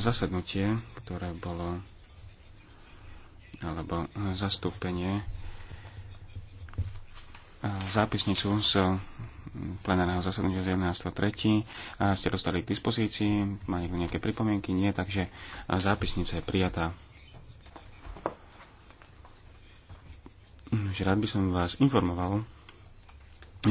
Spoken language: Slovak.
zasadnutie, ktoré bolo alebo zastúpenie zápisnicu z plenárneho zasadnutia z 11.3. A ste dostali k dispozícii, má niekto nejaké pripomienky? Nie, takže zápisnica je prijatá. Že rád by som vás informoval,